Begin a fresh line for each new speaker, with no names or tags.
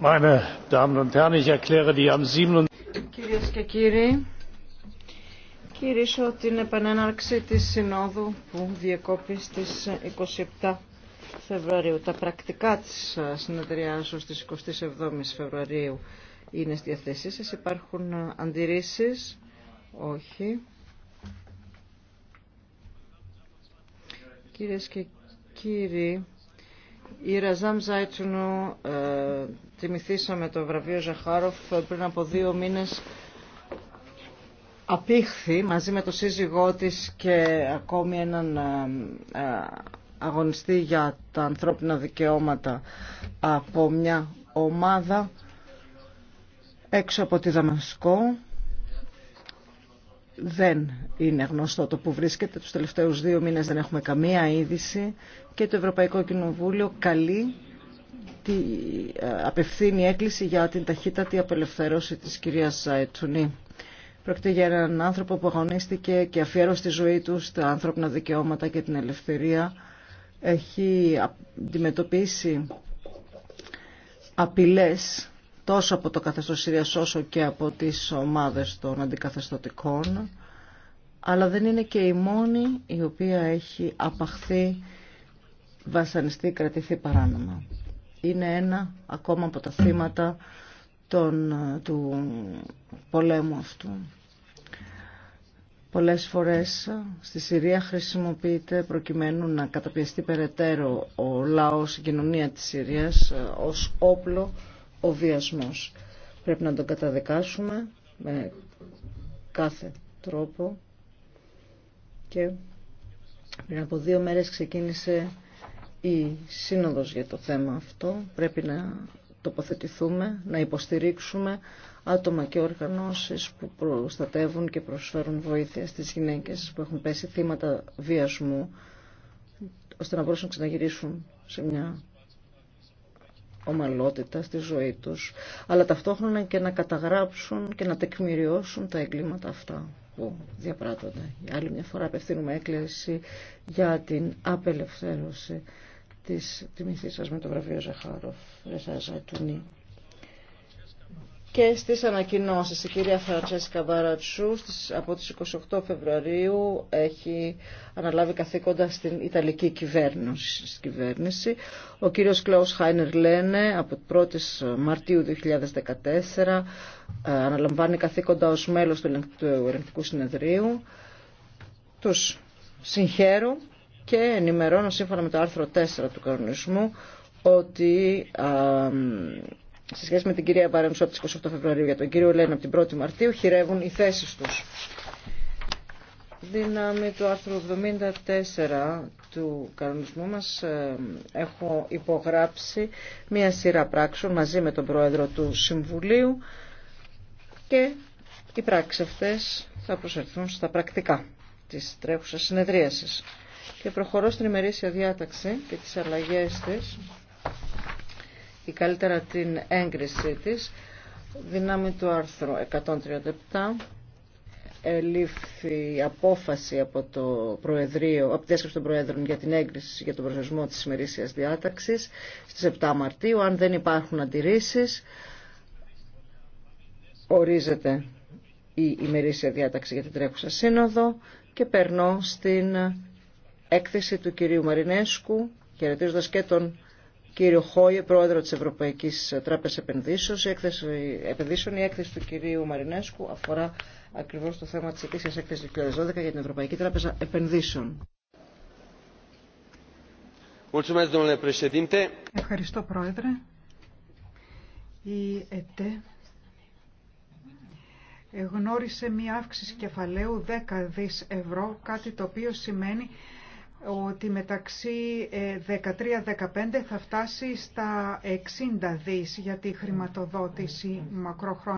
Meine Κυρίες και κύριοι, κηρύσω την επανέναρξη της Συνόδου που διεκόπη στις 27 Φεβρουαρίου. Τα πρακτικά της συνεδριάσεως στις 27 Φεβρουαρίου είναι στη διαθέσή σας. Υπάρχουν αντιρρήσεις. Όχι. Κυρίες και κύριοι, η Ραζάμ Ζάιτσουνου ε, τιμηθήσαμε το βραβείο Ζαχάροφ πριν από δύο μήνες απήχθη μαζί με το σύζυγό της και ακόμη έναν ε, ε, αγωνιστή για τα ανθρώπινα δικαιώματα από μια ομάδα έξω από τη Δαμασκό δεν είναι γνωστό το που βρίσκεται. Τους τελευταίους δύο μήνες δεν έχουμε καμία είδηση και το Ευρωπαϊκό Κοινοβούλιο καλεί τη ε, απευθύνει έκκληση για την ταχύτατη απελευθέρωση της κυρίας Τσουνή. Πρόκειται για έναν άνθρωπο που αγωνίστηκε και αφιέρωσε τη ζωή του στα ανθρώπινα δικαιώματα και την ελευθερία. Έχει αντιμετωπίσει απειλές τόσο από το καθεστώς Συρίας όσο και από τις ομάδες των αντικαθεστωτικών αλλά δεν είναι και η μόνη η οποία έχει απαχθεί, βασανιστεί, κρατηθεί παράνομα. Είναι ένα ακόμα από τα θύματα των, του πολέμου αυτού. Πολλές φορές στη Συρία χρησιμοποιείται προκειμένου να καταπιεστεί περαιτέρω ο λαός, η κοινωνία της Συρίας ε, ως όπλο ο βιασμός. Πρέπει να τον καταδικάσουμε με κάθε τρόπο και πριν από δύο μέρες ξεκίνησε η σύνοδος για το θέμα αυτό. Πρέπει να τοποθετηθούμε, να υποστηρίξουμε άτομα και οργανώσεις που προστατεύουν και προσφέρουν βοήθεια στις γυναίκες που έχουν πέσει θύματα βιασμού ώστε να μπορούν να ξαναγυρίσουν σε μια ομαλότητα στη ζωή τους, αλλά ταυτόχρονα και να καταγράψουν και να τεκμηριώσουν τα εγκλήματα αυτά που διαπράττονται. Άλλη μια φορά απευθύνουμε έκκληση για την απελευθέρωση της τιμηθής σας με το βραβείο Ζαχάροφ, και στις ανακοινώσεις. Η κυρία Φραντσέσκα Βαρατσού από τις 28 Φεβρουαρίου έχει αναλάβει καθήκοντα στην Ιταλική κυβέρνηση. κυβέρνηση. Ο κύριος Κλάους Χάινερ Λένε από 1η Μαρτίου 2014 ε, αναλαμβάνει καθήκοντα ως μέλος του Ελεγκτικού Συνεδρίου. Τους συγχαίρω και ενημερώνω σύμφωνα με το άρθρο 4 του κανονισμού ότι σε σχέση με την κυρία Μπάρεμσο από τις 28 Φεβρουαρίου για τον κύριο Λένα από την 1η Μαρτίου χειρεύουν οι θέσεις τους. Δύναμη του άρθρου 74 του κανονισμού μας ε, έχω υπογράψει μία σειρά πράξεων μαζί με τον Πρόεδρο του Συμβουλίου και οι πράξεις αυτές θα προσερθούν στα πρακτικά της τρέχουσας συνεδρίασης. Και προχωρώ στην ημερήσια διάταξη και τις αλλαγές της ή καλύτερα την έγκρισή της δυνάμει του άρθρου 137 ελήφθη απόφαση από το Προεδρείο, από τη των Προέδρων για την έγκριση για τον προσορισμό της ημερήσιας διάταξης στις 7 Μαρτίου. Αν δεν υπάρχουν αντιρρήσεις, ορίζεται η ημερήσια διάταξη για την τρέχουσα σύνοδο και περνώ στην έκθεση του κυρίου Μαρινέσκου, χαιρετίζοντα και τον κύριο Χόιε, πρόεδρο της Ευρωπαϊκής Τράπεζας Επενδύσεων. Η έκθεση, επενδύσεων, η έκθεση του κυρίου Μαρινέσκου αφορά ακριβώς το θέμα της ετήσιας έκθεσης του 2012 για την Ευρωπαϊκή Τράπεζα Επενδύσεων. Ευχαριστώ, Πρόεδρε. Η ΕΤΕ γνώρισε μία αύξηση κεφαλαίου 10 δις ευρώ, κάτι το οποίο σημαίνει ότι μεταξύ 13-15 ε, θα φτάσει στα 60 δις για τη χρηματοδότηση μακροχρόνια.